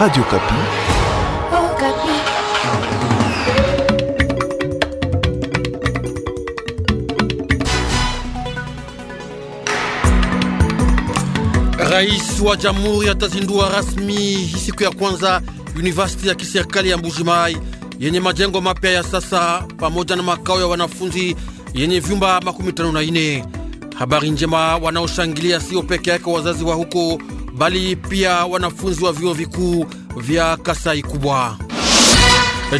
Radio Kapi. Oh, Kapi. Rais wa Jamhuri atazindua rasmi siku ya kwanza University ya kiserikali ya Mbujimai yenye majengo mapya ya sasa pamoja na makao ya wanafunzi yenye vyumba makumi tano na ine. Habari njema wanaoshangilia sio peke yake wazazi wa huko bali pia wanafunzi wa vyuo vikuu vya Kasai Kubwa.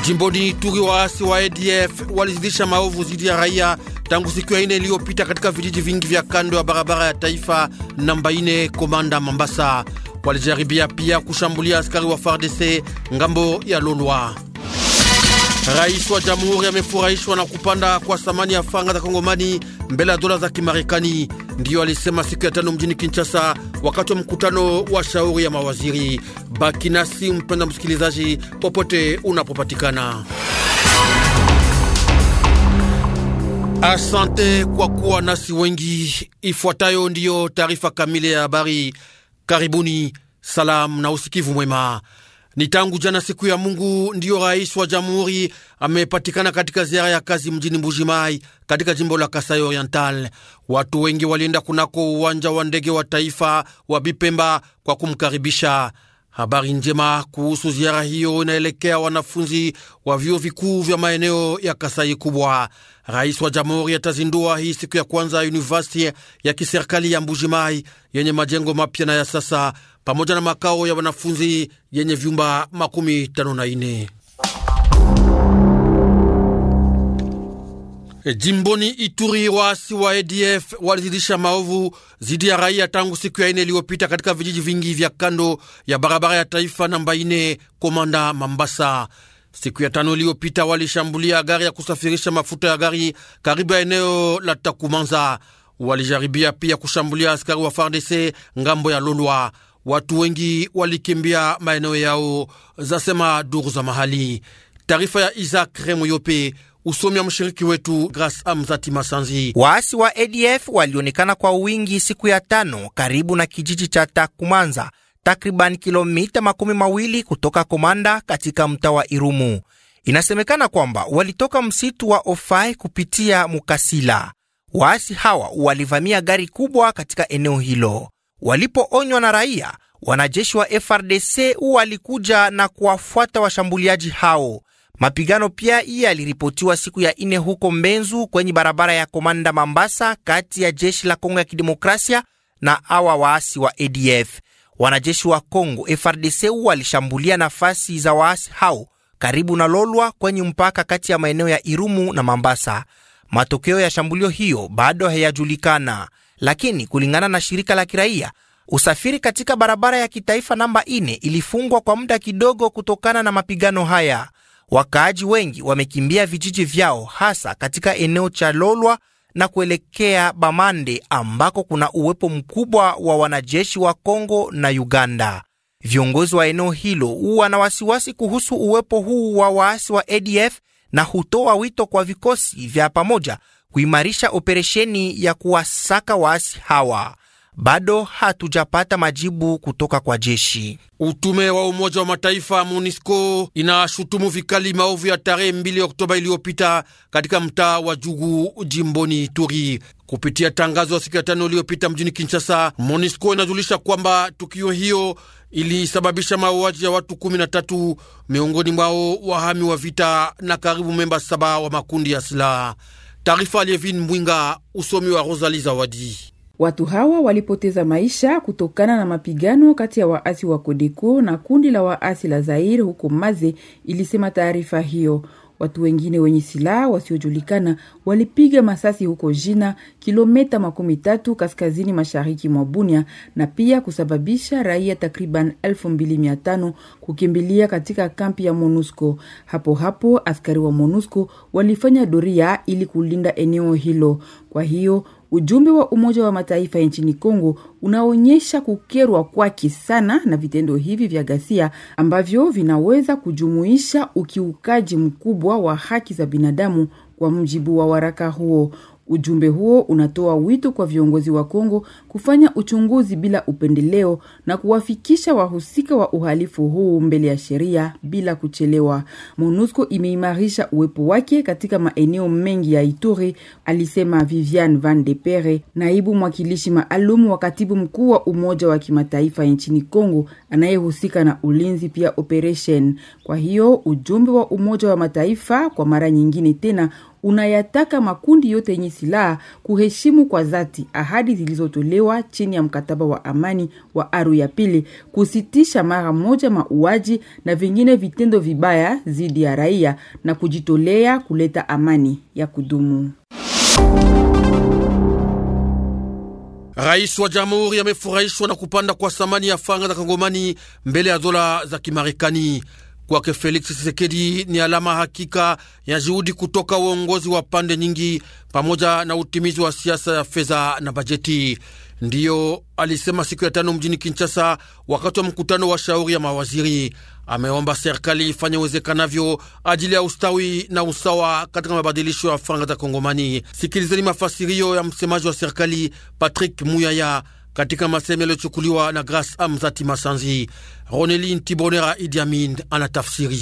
Jimboni Ituri, waasi wa ADF walizidisha maovu dhidi ya raia tangu siku ya ine iliyopita katika vijiji vingi vya kando ya barabara ya taifa namba ine Komanda Mambasa. Walijaribia pia kushambulia askari wa FARDC ngambo ya Lolwa. Rais wa jamhuri amefurahishwa na kupanda kwa thamani ya fanga za Kongomani mbele ya dola za Kimarekani. Ndiyo alisema siku ya tano mjini Kinshasa wakati wa mkutano wa shauri ya mawaziri. Baki nasi mpenda msikilizaji, popote unapopatikana. Asante kwa kuwa nasi wengi. Ifuatayo ndiyo taarifa kamili ya habari. Karibuni, salamu na usikivu mwema. Ni tangu jana siku ya Mungu ndiyo rais wa jamhuri amepatikana katika ziara ya kazi mjini Mbujimai katika jimbo la Kasai Oriental. Watu wengi walienda kunako uwanja wa ndege wa taifa wa Bipemba kwa kumkaribisha. Habari njema kuhusu ziara hiyo inaelekea wanafunzi wa vyuo vikuu vya maeneo ya Kasai kubwa. Rais wa jamhuri atazindua hii siku ya kwanza university ya kiserikali ya Mbujimai yenye majengo mapya na ya sasa pamoja na makao ya wanafunzi yenye vyumba makumi tano na ine. Jimboni Ituri, waasi wa ADF walizidisha maovu zidi ya raia tangu siku ya ine iliyopita katika vijiji vingi vya kando ya barabara ya taifa namba ine Komanda Mambasa. Siku ya tano iliyopita walishambulia gari ya kusafirisha mafuta ya gari karibu ya eneo la Takumanza. Walijaribia pia kushambulia askari wa FARDC ngambo ya Lolwa watu wengi walikimbia maeneo yao, zasema duru za mahali. Taarifa ya Isak Remo Yope. Usomi wa mshiriki wetu gras Amzati Masanzi. Waasi wa ADF walionekana kwa wingi siku ya tano karibu na kijiji cha Takumanza, takriban kilomita makumi mawili kutoka Komanda katika mtaa wa Irumu. Inasemekana kwamba walitoka msitu wa Ofai kupitia Mukasila. Waasi hawa walivamia gari kubwa katika eneo hilo. Walipoonywa na raia, wanajeshi wa FRDC walikuja na kuwafuata washambuliaji hao. Mapigano pia yaliripotiwa siku ya ine huko Mbenzu kwenye barabara ya Komanda Mambasa, kati ya jeshi la Kongo ya Kidemokrasia na awa waasi wa ADF. Wanajeshi wa Kongo FRDC walishambulia nafasi za waasi hao karibu na Lolwa kwenye mpaka kati ya maeneo ya Irumu na Mambasa. Matokeo ya shambulio hiyo bado hayajulikana lakini kulingana na shirika la kiraia usafiri katika barabara ya kitaifa namba 4 ilifungwa kwa muda kidogo kutokana na mapigano haya. Wakaaji wengi wamekimbia vijiji vyao hasa katika eneo cha Lolwa na kuelekea Bamande ambako kuna uwepo mkubwa wa wanajeshi wa Kongo na Uganda. Viongozi wa eneo hilo wana wasiwasi kuhusu uwepo huu wa waasi wa ADF na hutoa wito kwa vikosi vya pamoja kuimarisha operesheni ya kuwasaka waasi hawa. Bado hatujapata majibu kutoka kwa jeshi. Utume wa Umoja wa Mataifa MONUSCO inashutumu vikali maovu ya tarehe 2 Oktoba iliyopita katika mtaa wa Jugu jimboni Ituri. Kupitia tangazo ya siku ya tano iliyopita mjini Kinshasa, MONUSCO inajulisha kwamba tukio hiyo ilisababisha mauaji ya watu 13 miongoni mwao wahami wa vita na karibu memba saba wa makundi ya silaha. Taarifa Levin Mwinga, usomi wa Rosali Zawadi. Watu hawa walipoteza maisha kutokana na mapigano kati ya waasi wa Kodeko na kundi la waasi la Zaire huko Maze, ilisema taarifa hiyo. Watu wengine wenye silaha wasiojulikana walipiga masasi huko Jina, kilomita makumi tatu kaskazini mashariki mwa Bunia, na pia kusababisha raia takriban tano kukimbilia katika kampi ya MONUSCO. Hapo hapo askari wa MONUSCO walifanya doria ili kulinda eneo hilo. Kwa hiyo Ujumbe wa Umoja wa Mataifa nchini Kongo unaonyesha kukerwa kwake sana na vitendo hivi vya ghasia ambavyo vinaweza kujumuisha ukiukaji mkubwa wa haki za binadamu, kwa mjibu wa waraka huo. Ujumbe huo unatoa wito kwa viongozi wa Kongo kufanya uchunguzi bila upendeleo na kuwafikisha wahusika wa uhalifu huu mbele ya sheria bila kuchelewa. MONUSCO imeimarisha uwepo wake katika maeneo mengi ya Ituri, alisema Vivian Van de Pere, naibu mwakilishi maalum wa katibu mkuu wa Umoja wa Kimataifa nchini Kongo anayehusika na ulinzi pia operation. Kwa hiyo ujumbe wa Umoja wa Mataifa kwa mara nyingine tena unayataka makundi yote yenye silaha kuheshimu kwa dhati ahadi zilizotolewa chini ya mkataba wa amani wa Aru ya pili, kusitisha mara moja mauaji na vingine vitendo vibaya dhidi ya raia na kujitolea kuleta amani ya kudumu. Rais wa jamhuri amefurahishwa na kupanda kwa thamani ya fanga za Kongomani mbele ya dola za Kimarekani. Kwake Felix Tshisekedi ni alama hakika ya juhudi kutoka uongozi wa pande nyingi, pamoja na utimizi wa siasa ya fedha na bajeti. Ndiyo alisema siku ya tano mjini Kinshasa, wakati wa mkutano wa shauri ya mawaziri. Ameomba serikali ifanye uwezekanavyo ajili ya ustawi na usawa katika mabadilisho ya faranga za Kongomani. Sikilizeni mafasirio ya msemaji wa serikali Patrick Muyaya katika maseme yaliyochukuliwa na Grace Amzati Masanzi. Roneline Tibonera Idi Amin anatafsiri.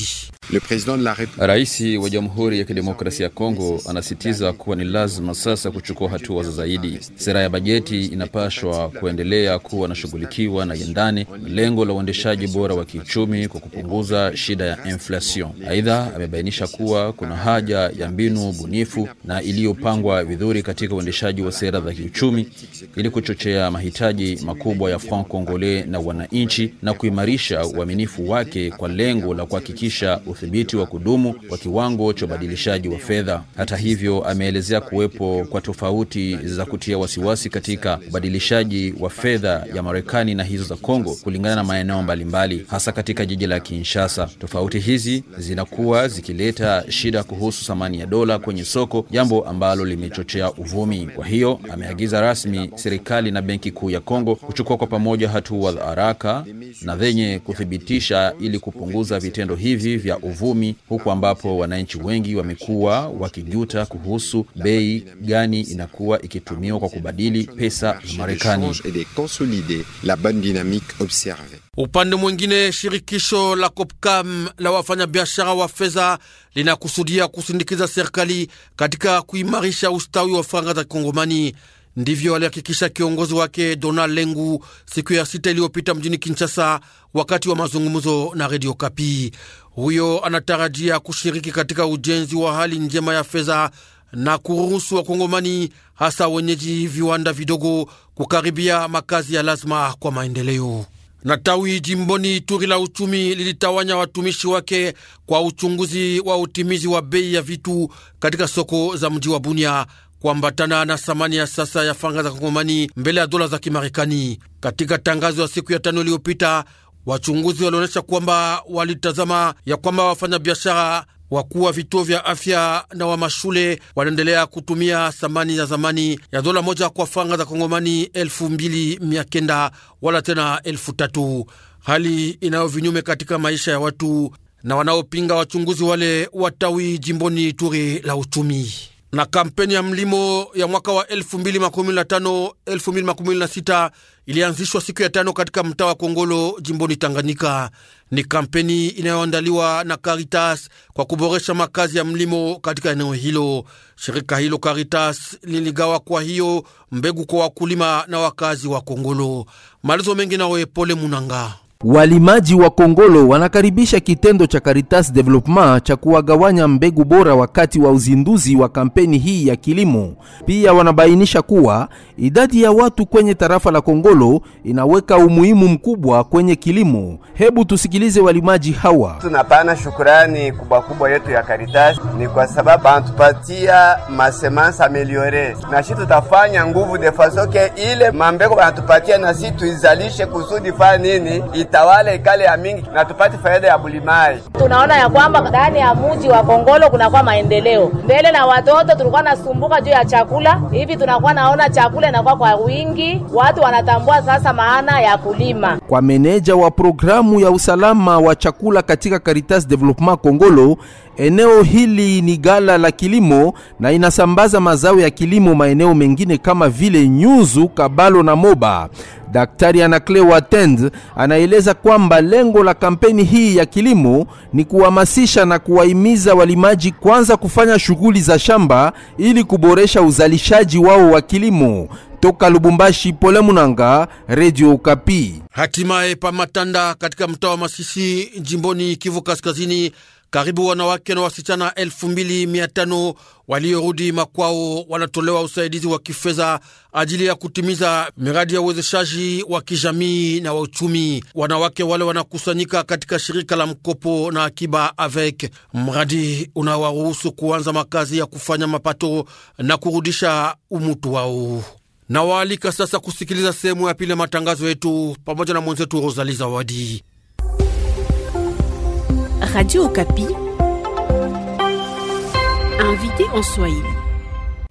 Rais wa Jamhuri ya Kidemokrasia ya Kongo anasitiza kuwa ni lazima sasa kuchukua hatua za zaidi. Sera ya bajeti inapashwa kuendelea kuwa nashughulikiwa na yendani lengo la uendeshaji bora wa kiuchumi kwa kupunguza shida ya inflation. Aidha, amebainisha kuwa kuna haja ya mbinu bunifu na iliyopangwa vizuri katika uendeshaji wa sera za kiuchumi ili kuchochea mahitaji makubwa ya franc congolais na wananchi na kuimarisha kuimarisha uaminifu wake kwa lengo la kuhakikisha udhibiti wa kudumu kwa kiwango cha ubadilishaji wa fedha. Hata hivyo, ameelezea kuwepo kwa tofauti za kutia wasiwasi katika ubadilishaji wa fedha ya Marekani na hizo za Kongo kulingana na maeneo mbalimbali, hasa katika jiji la Kinshasa. Tofauti hizi zinakuwa zikileta shida kuhusu thamani ya dola kwenye soko, jambo ambalo limechochea uvumi. Kwa hiyo ameagiza rasmi serikali na Benki Kuu ya Kongo kuchukua kwa pamoja hatua haraka na zenye wenye kuthibitisha ili kupunguza vitendo hivi vya uvumi, huku ambapo wananchi wengi wamekuwa wakijuta kuhusu bei gani inakuwa ikitumiwa kwa kubadili pesa za Marekani. Upande mwingine, shirikisho la COPCAM la wafanyabiashara wa fedha linakusudia kusindikiza serikali katika kuimarisha ustawi wa faranga za kikongomani Ndivyo alihakikisha kiongozi wake Donald Lengu siku ya sita iliyopita mjini Kinshasa, wakati wa mazungumzo na redio Kapi. Huyo anatarajia kushiriki katika ujenzi wa hali njema ya fedha na kuruhusu Wakongomani, hasa wenyeji viwanda vidogo, kukaribia makazi ya lazima kwa maendeleo. Na tawi jimboni Turi la uchumi lilitawanya watumishi wake kwa uchunguzi wa utimizi wa bei ya vitu katika soko za mji wa Bunia kuambatana na thamani ya sasa ya fanga za Kongomani mbele ya dola za Kimarekani. Katika tangazo ya siku ya tano iliyopita, wachunguzi walionyesha kwamba walitazama ya kwamba wafanyabiashara wakuu wa vituo vya afya na wa mashule wanaendelea kutumia thamani ya zamani ya dola moja kwa fanga za Kongomani elfu mbili mia kenda wala tena elfu tatu hali inayo vinyume katika maisha ya watu na wanaopinga wachunguzi wale watawi jimboni Turi la uchumi na kampeni ya mlimo ya mwaka wa 2015 2016 ilianzishwa siku ya tano katika mtaa wa Kongolo jimboni Tanganyika. Ni kampeni inayoandaliwa na Caritas kwa kuboresha makazi ya mlimo katika eneo hilo. Shirika hilo Caritas liligawa kwa hiyo mbegu kwa wakulima na wakazi wa Kongolo. Malizo mengi nawe Pole Munanga. Walimaji wa Kongolo wanakaribisha kitendo cha Caritas Development cha kuwagawanya mbegu bora wakati wa uzinduzi wa kampeni hii ya kilimo. Pia wanabainisha kuwa idadi ya watu kwenye tarafa la Kongolo inaweka umuhimu mkubwa kwenye kilimo. Hebu tusikilize walimaji hawa. Tunapana shukrani kubwa kubwa yetu ya Caritas ni kwa sababu anatupatia masemansa ameliore na sisi tutafanya nguvu defasoke ile mambego anatupatia na sisi tuizalishe kusudi fa nini It itawale ikale ya mingi na tupate faida ya bulimai. Tunaona ya kwamba ndani ya mji wa Kongolo kunakuwa maendeleo mbele, na watoto tulikuwa nasumbuka juu ya chakula, hivi tunakuwa naona chakula inakuwa kwa wingi, watu wanatambua sasa maana ya kulima. Kwa meneja wa programu ya usalama wa chakula katika Caritas Development Kongolo Eneo hili ni gala la kilimo na inasambaza mazao ya kilimo maeneo mengine kama vile Nyuzu, Kabalo na Moba. Daktari Anakle Watend anaeleza kwamba lengo la kampeni hii ya kilimo ni kuhamasisha na kuwahimiza walimaji kwanza kufanya shughuli za shamba ili kuboresha uzalishaji wao wa kilimo. Toka Lubumbashi, Pole Munanga, Radio Kapi. Hatimaye pamatanda katika mtaa wa Masisi jimboni Kivu Kaskazini karibu wanawake na wasichana elfu waliorudi makwao wanatolewa usaidizi wa kifedha ajili ya kutimiza miradi ya uwezeshaji wa kijamii na wa uchumi. Wanawake wale wanakusanyika katika shirika la mkopo na akiba AVEC, mradi unawaruhusu kuanza makazi ya kufanya mapato na kurudisha umutu wao. Nawaalika sasa kusikiliza sehemu ya pili ya matangazo yetu pamoja na mwenzetu Rozali Zawadi. Radio Capi invité en Swahili.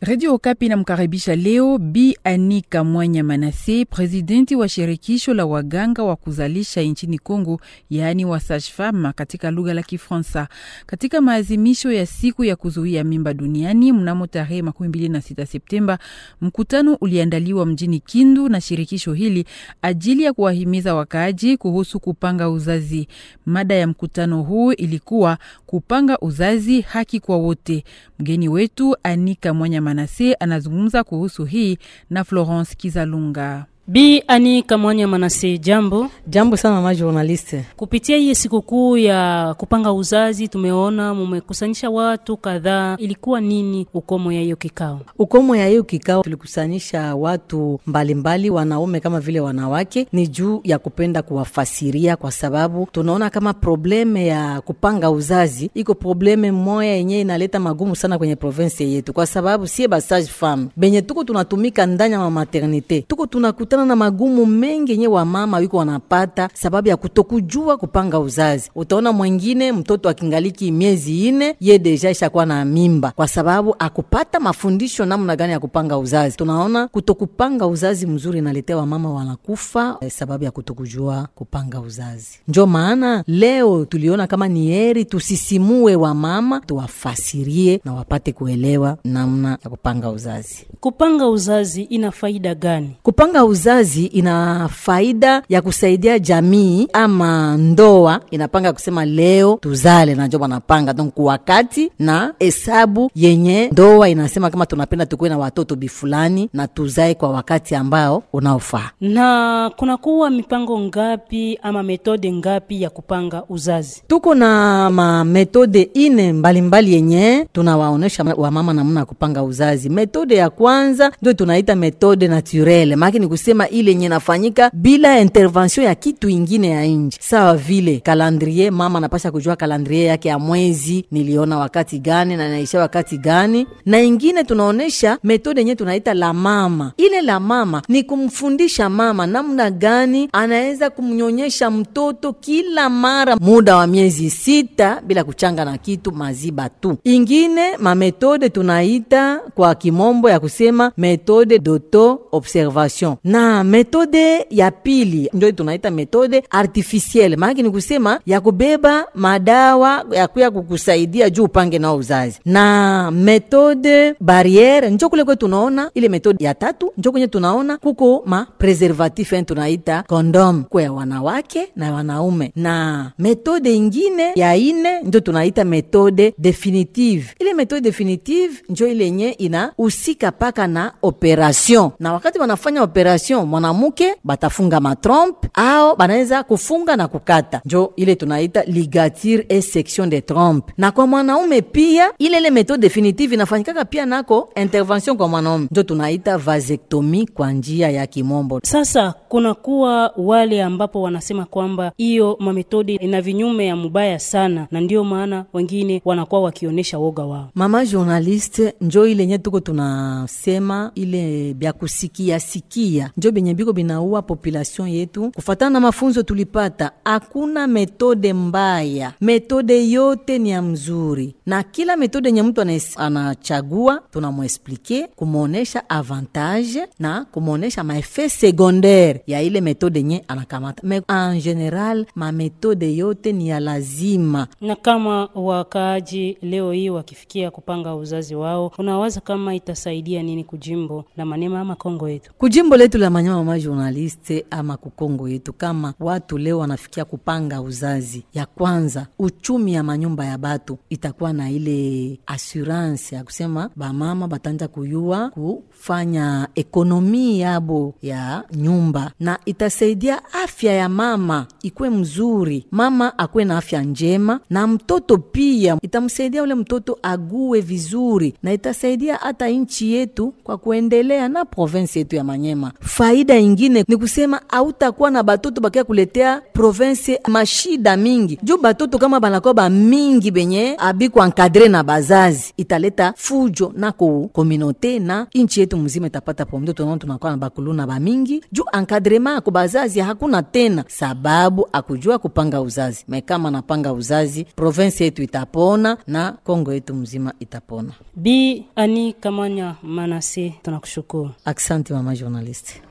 Redio Okapi inamkaribisha leo Bi Anika Mwanya Manase, presidenti wa shirikisho la waganga wa kuzalisha nchini congo yaani wasashfama katika lugha la Kifransa, katika maazimisho ya siku ya kuzuia mimba duniani mnamo tarehe 26 Septemba. Mkutano uliandaliwa mjini Kindu na shirikisho hili ajili ya kuwahimiza wakaaji kuhusu kupanga uzazi. Mada ya mkutano huu ilikuwa kupanga uzazi, haki kwa wote. Mgeni wetu Anika Mwanya Manase anazungumza kuhusu hii na Florence Kizalunga. Bi Ani Kamwanya Manase, jambo. Jambo sana mama journaliste. Kupitia hii sikukuu ya kupanga uzazi, tumeona mumekusanyisha watu kadhaa. Ilikuwa nini ukomo ya hiyo kikao? Ukomo ya hiyo kikao, tulikusanyisha watu mbalimbali mbali, wanaume kama vile wanawake, ni juu ya kupenda kuwafasiria, kwa sababu tunaona kama probleme ya kupanga uzazi iko probleme moya yenye inaleta magumu sana kwenye province yetu, kwa sababu sie basage femme benye tuko tunatumika ndani ya maternité tuko tunakuta kutana na magumu mengi yenye wamama wiko wanapata sababu ya kutokujua kupanga uzazi. Utaona mwingine mtoto akingaliki miezi ine ye deja ishakuwa na mimba kwa sababu akupata mafundisho namna gani ya kupanga uzazi. Tunaona kutokupanga uzazi mzuri inaletea wamama wanakufa eh, sababu ya kutokujua kupanga uzazi. Njo maana leo tuliona kama ni heri tusisimue wamama, tuwafasirie na wapate kuelewa namna ya kupanga uzazi. Kupanga uzazi ina faida gani? Kupanga uzazi uzazi ina faida ya kusaidia jamii ama ndoa inapanga kusema leo tuzale, na njo banapanga donc wakati na hesabu yenye ndoa inasema kama tunapenda tukuwe na watoto bifulani na tuzae kwa wakati ambao unaofaa. Na kunakuwa mipango ngapi ama metode ngapi ya kupanga uzazi? Tuko na mametode ine mbalimbali mbali yenye tunawaonesha wamama namna ya kupanga uzazi. Metode ya kwanza ndio tunaita metode naturele, maana ni kusema kusema ile yenye nafanyika bila intervention ya kitu ingine ya nje, sawa vile kalandrie. Mama anapasha kujua kalandrie yake ya mwezi, niliona wakati gani na naisha wakati gani. Na ingine tunaonesha metode yenye tunaita la mama. Ile la mama ni kumfundisha mama namna gani anaweza kumnyonyesha mtoto kila mara muda wa miezi sita bila kuchanga na kitu, maziba tu. Ingine mametode tunaita kwa kimombo ya kusema metode d'auto observation na na metode ya pili ndio tunaita metode artificielle, maana ni kusema ya kubeba madawa ya kuya kukusaidia juu upange na uzazi, na metode barriere njo kule kwetu tunaona ile metode ya tatu, njo kwenye tunaona kuko ma preservatif en tunaita condom kwa ya wanawake na wanaume, na metode ingine ya ine ndio tunaita metode definitive. Ile metode definitive njo ile yenye inahusika paka na operation, na wakati wanafanya operation relation mwanamke batafunga matrompe ao banaweza kufunga na kukata, njo ile tunaita ligature et section de trompe. Na kwa mwanaume pia ile ile metode definitive inafanyikaka pia nako intervention kwa mwanaume, njo tunaita vasectomy kwa njia ya kimombo. Sasa kunakuwa wale ambapo wanasema kwamba hiyo mametode ina vinyume ya mubaya sana, na ndio maana wengine wanakuwa wakionyesha woga wao. Mama journaliste, njo ilenye tuko tunasema ile bya kusikia sikia njo benye biko binaua population yetu. Kufatana na mafunzo tulipata, hakuna metode mbaya, metode yote ni ya mzuri, na kila metode yenye mtu anachagua tunamwesplike kumwonyesha avantage na kumwonyesha maefe secondaire ya ile metode nye anakamata. Me en general mametode yote ni ya lazima, na kama wakaaji leo hii wakifikia kupanga uzazi wao, unawaza kama itasaidia nini kujimbo la manema ama Kongo yetu, kujimbo letu la tutamanyama mama journaliste ama kukongo yetu, kama watu leo wanafikia kupanga uzazi, ya kwanza uchumi ya manyumba ya batu itakuwa na ile assurance ya kusema bamama batanja kuyua kufanya ekonomi yabo ya nyumba, na itasaidia afya ya mama ikwe mzuri, mama akwe na afya njema, na mtoto pia itamsaidia ule mtoto ague vizuri, na itasaidia hata nchi yetu kwa kuendelea na province yetu ya Manyema. Faida ingine ni kusema hautakuwa na batoto bakia kuletea province mashida mingi, juu batoto kama banakuwa bamingi benye ku nkadre na bazazi, italeta fujo na ko kominote na inchi yetu mzima itapata pombe. Tunaona tunakuwa na bakuluna bamingi juu ankadrema ako bazazi hakuna tena, sababu akujua kupanga uzazi. me kama napanga uzazi, province yetu itapona na Kongo yetu mzima itapona. Bi Ani Kamanya Manase, tunakushukuru. aksanti mama journaliste.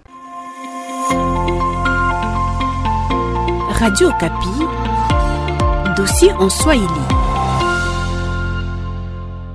Radio Kapi, dossier en Swahili.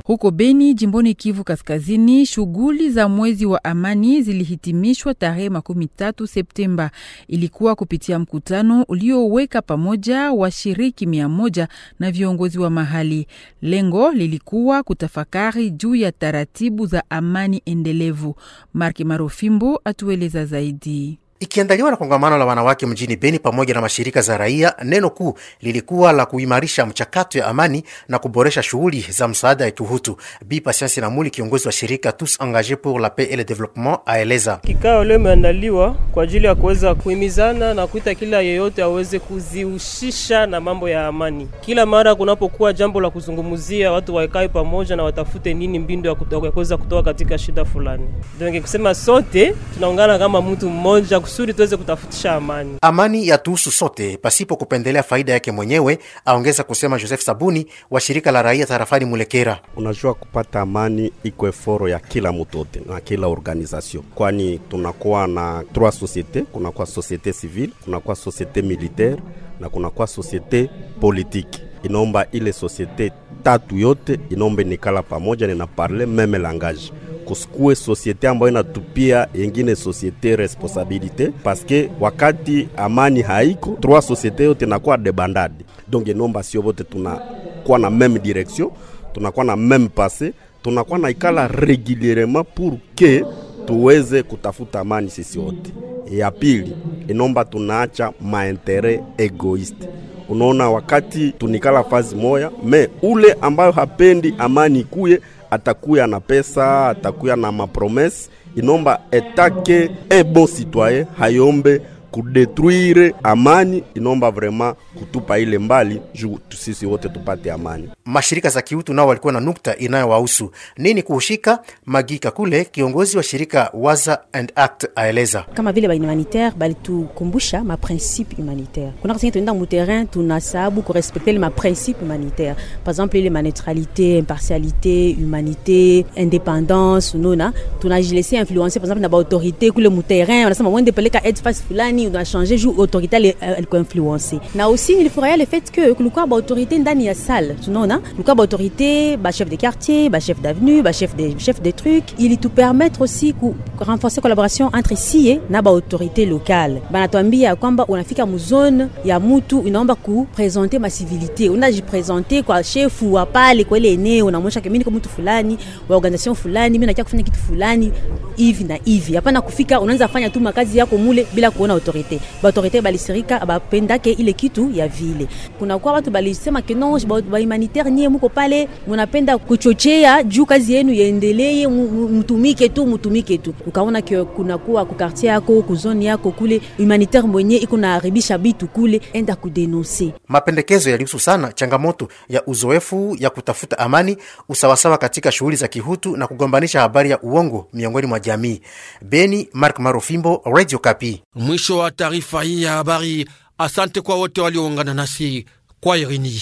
Huko Beni, jimboni Kivu Kaskazini, shughuli za mwezi wa amani zilihitimishwa tarehe 13 Septemba. Ilikuwa kupitia mkutano ulioweka pamoja washiriki mia moja na viongozi wa mahali. Lengo lilikuwa kutafakari juu ya taratibu za amani endelevu. Mark Marofimbo atueleza zaidi. Ikiandaliwa na kongamano la wanawake mjini Beni pamoja na mashirika za raia, neno kuu lilikuwa la kuimarisha mchakato ya amani na kuboresha shughuli za msaada ya kihutu. Bi Patience Namuli, kiongozi wa shirika Tous Engage pour la Paix et le Développement, aeleza kikao leo imeandaliwa kwa ajili ya kuweza kuhimizana na kuita kila yeyote aweze kuzihusisha na mambo ya amani. Kila mara kunapokuwa jambo la kuzungumzia, watu waekae pamoja na watafute nini mbindo ya kuweza kutoka katika shida fulani. Ndio ningekusema sote tunaungana kama mtu mmoja kusudi tuweze kutafutisha amani. Amani ya tuhusu sote pasipo kupendelea faida yake mwenyewe, aongeza kusema Joseph Sabuni wa shirika la raia tarafani Mulekera. Unajua, kupata amani iko eforo ya kila mutote na kila organization, kwani tunakuwa na trois societe, kunakuwa societe civile, kunakuwa societe militaire na kunakuwa societe politique. Inaomba ile societe tatu yote inaomba nikala pamoja, ninaparle meme langage kusukue societe ambayo inatupia yengine societe responsabilite, paske wakati amani haiko trois societe yote nakuwa debandadi. donge inomba sio vote tunakuwa na meme direction, tunakuwa na meme pase tunakuwa na ikala regulierement pour que tuweze kutafuta amani sisi wote. Ya pili inomba tunaacha maintere egoiste Unaona, wakati tunikala fazi moya, me ule ambayo hapendi amani kuye atakuya na pesa, atakuya na mapromese. Inomba etake e bon citoyen hayombe kudetruire amani, inaomba vraiment kutupa ile mbali juu sisi wote tupate amani. Mashirika za kiutu nao walikuwa na nukta inayowahusu nini kuhushika magika kule. Kiongozi wa shirika Waza and Act aeleza kama vile ba humanitaire balitukumbusha ma principe humanitaire, kuna kasi tunaenda mu terrain tunasabu respecter le ma principe humanitaire, par exemple ile ma neutralité, impartialité, humanité, indépendance, nona tunajilese influencer par exemple na ba autorité kule mu terrain, wanasema mwende peleka aide fasi fulani changer joue autorité, elle peut influencer na aussi il faudrait le fait que kulikuwa baautorite ndani ya salle tunaona kulikuwa baautorite chef de quartier chef d'avenue chef de, chef de tout permettre aussi ku renforcer collaboration entre sie na autorité locale banatuambia kwamba unafika muzone ya mutu unaomba kupresente masivilite unajipresente kwa shefu wa pale kwa ile eneo unamwonyesha kemini kwa mtu fulani wa organisation fulani mi nakia kufanya kitu fulani hivi na hivi hapana kufika unaanza fanya tu makazi yako mule bila kuona autorite autorité ba baautorité balisirika bapendake ile kitu ya vile. Kunakuwa watu balisema ba humanitaire nie muko pale munapenda kuchochea juu kazi yenu yaendelee, mutumike tu mutumike tu. Ukaona ke kunakuwa kukartier yako kuzoni yako kule humanitaire mwenye iko naharibisha bitu kule, enda kudenonse. Mapendekezo yalihusu sana changamoto ya uzoefu ya kutafuta amani, usawasawa katika shughuli za kihutu na kugombanisha habari ya uongo miongoni mwa jamii. Beni, Mark Marofimbo, Radio Kapi. Mwisho Mwisho wa taarifa hii ya habari. Asante kwa wote walioungana nasi kwa Irini.